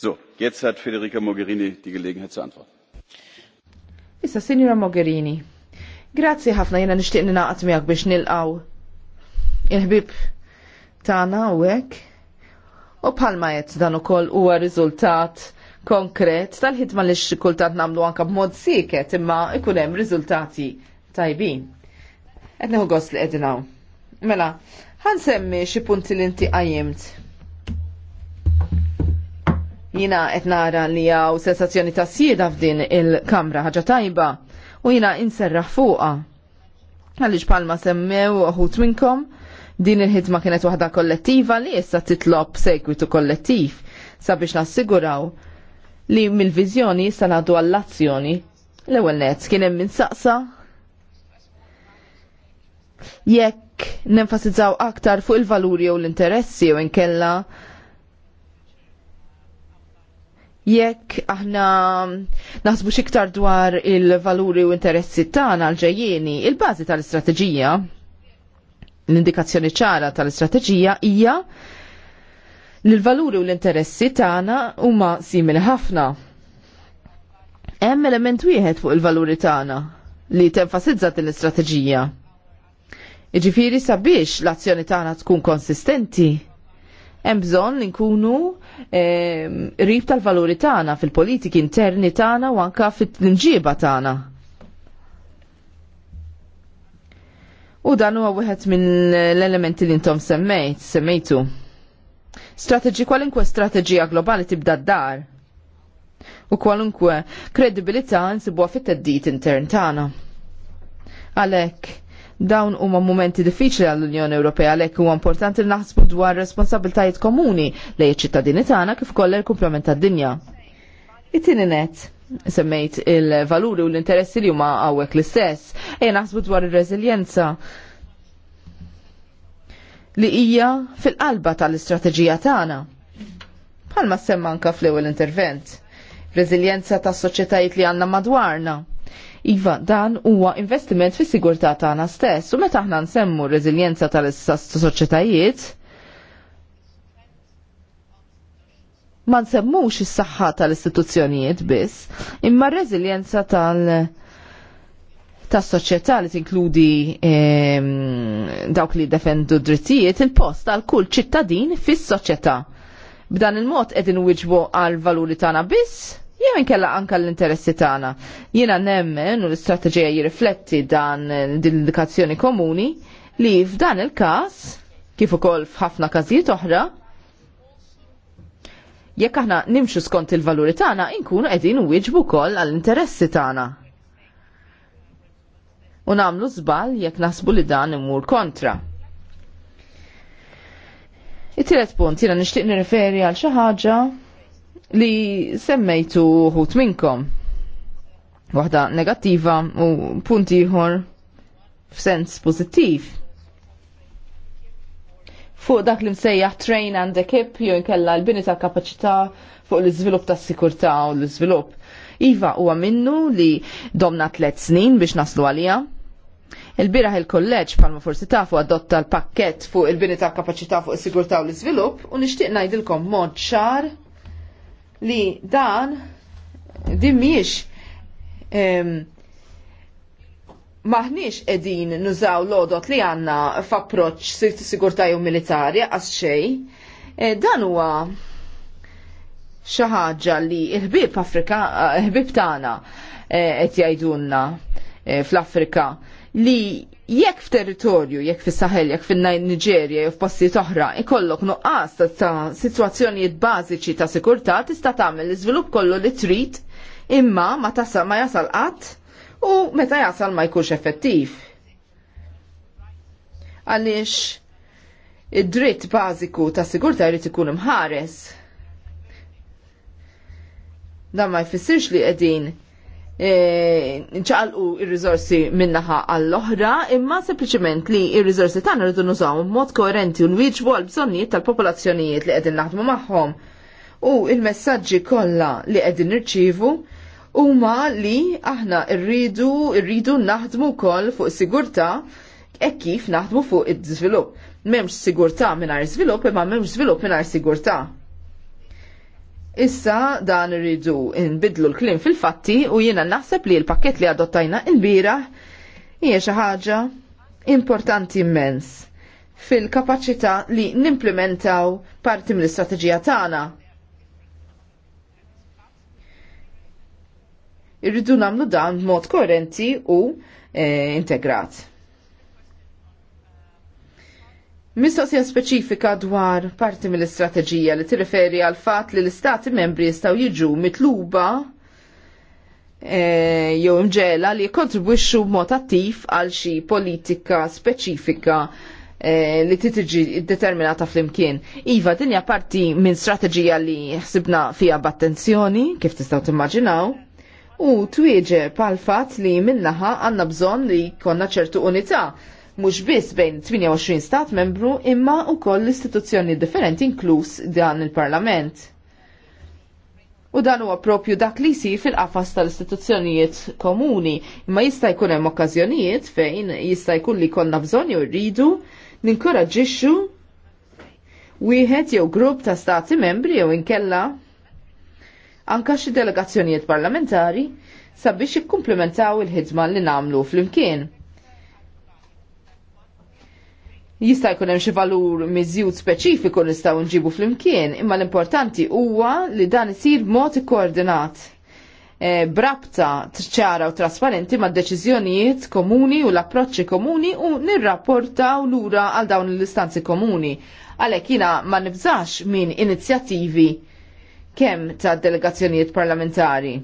So, jetzt hat Federica Mogherini die Gelegenheit zu antworten. Issa, Signora Mogherini, grazzi ħafna jena nishtiq ninaqat miegħek biex nilqaw il-ħbib tagħna hawnhekk. U bħalma qed dan ukoll huwa riżultat konkret tal-ħidma li x-kultant nagħmlu anke b'mod siket imma ikun hemm riżultati tajbin. Qed neħu gost li qegħdin hawn. Mela, ħansemmi xi punti li inti qajjimt Jina qed nara li għaw sensazzjoni ta' sieda f'din il-kamra ħaġa tajba u jina inserra fuqa. Għaliex palma semmew uħut minnkom din il-ħidma kienet waħda kollettiva li issa titlob segwitu kollettiv sabiex nassiguraw li mill-vizjoni għaddu għall-azzjoni. L-ewwel net kien hemm saqsa jekk nenfasizzaw aktar fuq il-valuri u l-interessi u nkella jekk aħna naħsbu xiktar dwar il-valuri u interessi tagħna għal-ġejjieni, il-bażi tal-istrateġija, l-indikazzjoni ċara tal-istrateġija hija li l-valuri u l-interessi tagħna huma simili ħafna. Hemm element wieħed fuq il-valuri tagħna li tenfasizza din l-istrateġija. Iġifieri sabiex l-azzjoni tagħna tkun konsistenti hemm bżonn li nkunu ehm, rib tal-valuri tagħna fil-politiki interni tagħna u anke fit tinġiba tagħna. U dan huwa wieħed minn l-elementi li intom semmejt, semmejtu. Strateġi kwalunkwe strateġija globali tibda d-dar. U kwalunkwe kredibilità nsibuha fit-teddit intern tagħna. Għalhekk, Dawn huma momenti diffiċli għall-Unjoni Ewropea għalhekk huwa importanti li naħsbu dwar responsabiltajiet komuni lejn iċ-ċittadini tagħna kif kollha l-kumplament tad-dinja. It-tieni net semmejt il-valuri u l-interessi li huma hawnhekk l-istess, ejja naħsbu dwar ir-reżiljenza li hija fil-qalba tal-istrateġija tagħna. Bħalma semma anke fl-ewwel intervent. Reżiljenza tas-soċjetajiet li għandna madwarna Iva, dan huwa investiment fis sigurtà tagħna stess u meta aħna nsemmu r-reżiljenza tal-soċjetajiet ma nsemmux is-saħħa tal-istituzzjonijiet biss, imma r-reżiljenza tal- ta' soċjetà li tinkludi ehm, dawk li defendu drittijiet il-post għal kull ċittadin fis-soċjetà. B'dan il-mod qegħdin wieġbu għal valuri tagħna biss jew kella anka l-interessi tagħna. Jiena nemmen u l-istrateġija jirrifletti dan l-indikazzjoni komuni li f'dan il-każ kif ukoll f'ħafna każijiet oħra jekk aħna nimxu skont il-valuri tagħna inkunu qegħdin wieġbu wkoll għall-interessi tagħna. U nagħmlu żball jekk naħsbu li dan imur kontra. It-tielet punt jiena nixtieq nirreferi għal xi ħaġa li semmejtu uħut minnkom. Waħda negattiva u punti ieħor f'sens pożittiv. Fuq dak li msejjaħ train and equip jew inkella l-bini ta' kapaċità fuq l-iżvilupp tas sikurtà u l-iżvilupp. Iva huwa minnu li domna tliet snin biex naslu għalija. Il-biraħ il-kolleġġ palma forsi tafu adotta l-pakket fuq il-bini ta' kapaċità fuq is-sigurtà u l-iżvilupp u nixtieq ngħidilkom mod ċar li dan din miex maħniex edin nużaw lodot li għanna f'approċċ sigurtaj u militari għas xej. E, dan huwa xi ħaġa li l-ħbieb Afrika, eh, ħbieb tagħna eh, qed jgħidulna eh, fl-Afrika li jekk f'territorju, jekk fis-Saħel, jekk fin-Niġerja jew f'postijiet oħra, ikollok nuqqas ta' sitwazzjonijiet bażiċi ta' sikurtà tista' tagħmel l-iżvilupp kollu li trid imma ma tasal ma jasal qatt u meta jasal ma jkunx effettiv. Għaliex id-dritt bażiku ta' sigurtà jrid ikun imħares. Dan ma jfissirx li qegħdin E, nċaqalqu il-rizorsi minnaħa għall-oħra, imma sempliciment li il-rizorsi tagħna rridu nużaw b'mod koerenti u nwieġbu għall bżonnijiet tal-popolazzjonijiet li qegħdin naħdmu magħhom. U il-messaġġi kollha li qegħdin nirċivu huma li aħna rridu rridu naħdmu wkoll fuq sigurtà e kif naħdmu fuq id-żvilupp. M'hemmx sigurtà mingħajr żvilupp imma m'hemmx żvilupp mingħajr sigurtà. Issa dan irridu nbidlu l-klim fil-fatti u jiena naħseb li l-pakket li adottajna il-bira hija xi ħaġa importanti immens fil-kapaċità li nimplementaw parti mill-istrateġija tagħna. Irridu nagħmlu dan b'mod korenti u eh, integrat. Mistoqsija speċifika dwar parti mill-istrateġija li tirriferi għal fatt li l-istati membri jistaw jiġu mitluba e, jew imġela li kontribwixxu b'mod attiv għal xi politika speċifika e, li titiġi determinata fl-imkien. Iva, hija parti minn strateġija li ħsibna fija b'attenzjoni, kif tistaw timmaġinaw, u twieġeb għal fat li minnaħa għanna bżon li konna ċertu unità mhux biss bejn 28 stat membru imma wkoll l-istituzzjoni differenti inkluż dan il-Parlament. U dan huwa propju dak li si fil-qafas tal-istituzzjonijiet komuni, imma jista' jkun hemm okkażjonijiet fejn jista' jkun li konna bżonn jew rridu ninkoraġġixxu wieħed jew grupp ta' stati membri jew inkella anka xi delegazzjonijiet parlamentari sabiex jikkumplementaw il-ħidma li nagħmlu flimkien jista' jkun hemm xi valur miżjud speċifiku nistgħu nġibu flimkien, imma l-importanti huwa li dan isir b'mod ikkoordinat e, eh, brabta ċara u trasparenti ma' deċiżjonijiet komuni u l-approċċi komuni u nirrapportaw lura għal dawn l-istanzi komuni. Għalhekk jiena ma nibżax minn inizjattivi kemm ta' delegazzjonijiet parlamentari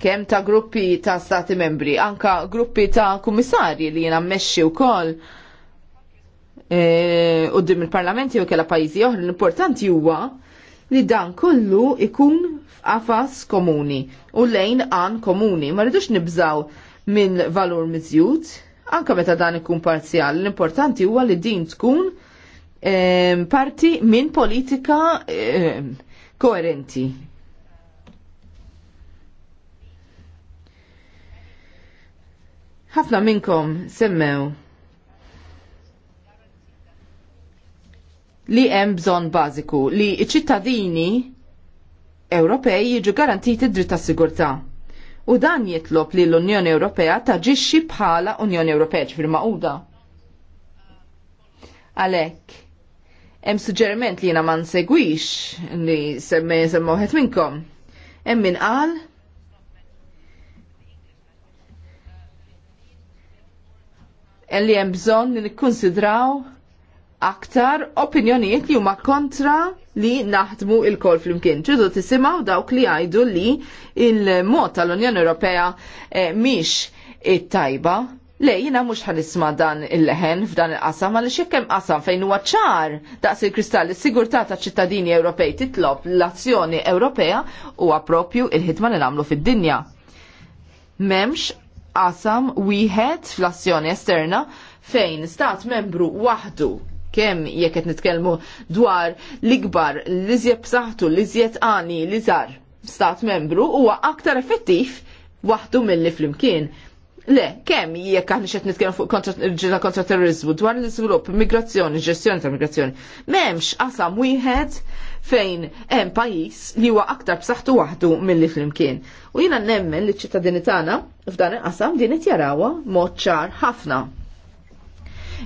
kemm ta' gruppi ta' stati membri, anka gruppi ta' kummissarji li meċi mmexxi wkoll E, qudiem il-parlamenti jew kella pajjiżi oħra l-importanti huwa li dan kollu ikun f'qafas komuni u lejn għan komuni. Ma rridux nibżaw minn valur miżjud, anka meta dan ikun parzjal L-importanti huwa li din tkun e, parti minn politika e, koerenti. ħafna minnkom semmew li hemm bżonn bażiku li ċ-ċittadini Ewropej jiġu garantiti dritt ta' sigurtà. U dan jitlob li l-Unjoni Ewropea taġixxi bħala Unjoni Ewropea ġifir maquda. Għalhekk, hemm suġġeriment li jiena ma nsegwix li semmej semmu minnkom. Hemm min qal li hemm bżonn li nikkunsidraw aktar opinjonijiet li huma kontra li naħdmu il-kol flimkien. Ġudu tisimaw dawk li għajdu li il-mod tal-Unjoni Ewropea eh, miex it-tajba. Le, jina mux ħanisma dan il-leħen f'dan il-qasam, għal xekkem qasam fejn huwa ċar daqs il-kristalli sigurtà ta' ċittadini Ewropej titlob l-azzjoni Ewropea u għapropju il-ħidma li namlu fid-dinja. Memx qasam wieħed fl-azzjoni esterna fejn stat membru waħdu kemm jekk qed nitkellmu dwar l-ikbar, l-iżjed b'saħħtu, l-iżjed għani, l-iżar stat membru huwa aktar effettiv waħdu mill-li flimkien. Le, kemm jekk aħna xed nitkellmu fuq ġila kontra terrorizmu dwar l-iżvilupp, migrazzjoni, ġestjoni ta' migrazzjoni. M'hemmx qasam wieħed fejn hemm pajjiż li huwa aktar b'saħħtu waħdu milli flimkien. U jiena nemmen li ċ ċittadini tagħna f'dan il-qasam din it-jarawa mod ċar ħafna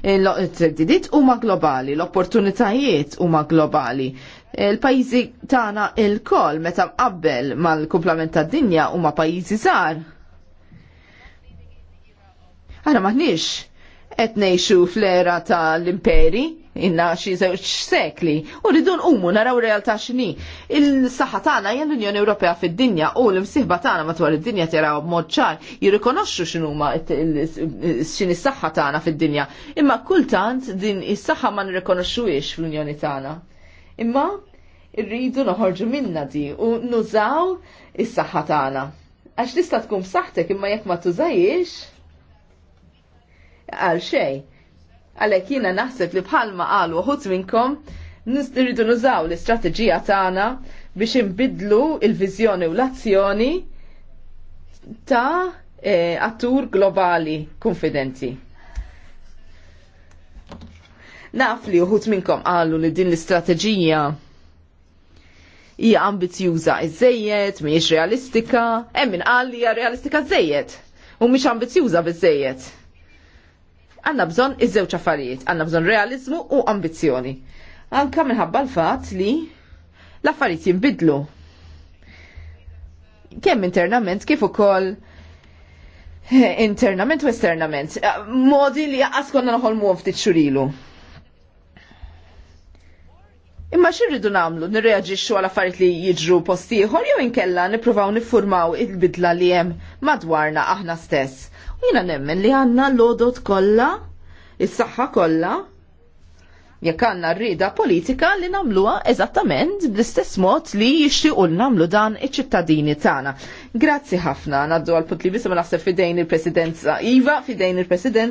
il-treddidiet huma globali, l-opportunitajiet huma globali. Il-pajjiżi tagħna il-koll meta mqabbel mal-kumplament tad-dinja huma pajjiżi żgħar. Ara maħniex qed ngħixu fl-era tal-imperi, inna xi żewġ sekli u rridu nqumu naraw realtà x'inhi. Il-saħħa tagħna hija l-Unjoni Ewropea fid-dinja u l-imsieħba tagħna matwar id-dinja tiraw b'mod ċar jirrikonoxxu x'inhuma x'inhi s-saħħa tagħna fid-dinja. Imma kultant din is-saħħa ma nirrikonoxxuhiex fl-Unjoni tagħna. Imma rridu noħorġu minna di u nużaw is-saħħa tagħna. Għax tista' tkun b'saħħtek imma jekk ma tużajiex għal xejn Għalhekk jiena naħseb li bħalma qalu uħut minnkom nistiridu nużaw l-istrateġija tagħna biex inbidlu il-viżjoni u l-azzjoni ta' eh, attur globali konfidenti. Naf li uħut minnkom qalu li din l-istrateġija hija ambizjuża iżejjed, mhijiex realistika, hemm min qal li hija realistika żejjed u mhix ambizjuża biżejjed. Għanna bżon iż-żewġ affarijiet, għanna bżon realizmu u ambizjoni. Anka minħabba l-fat li l-affarijiet jinbidlu. Kemm internament kif ukoll internament u esternament. Modi li jaqqas konna noħolmu ftit xurilu. Imma xirridu namlu, nirreagġixxu għal affarijiet li jiġru postiħor jew inkella nippruvaw niffurmaw il-bidla li hemm madwarna aħna stess. U jina nemmen li għandna l-odot kollha, is-saħħa kollha, jekk għandna rrida politika li nagħmluha eżattament bl-istess mod li jixtiequ nagħmlu dan iċ-ċittadini tagħna. Grazzi ħafna, ngħaddu għal punt li bisimgħu naħseb fidejn il-Presidenza Iva, fidejn il-Presidenza.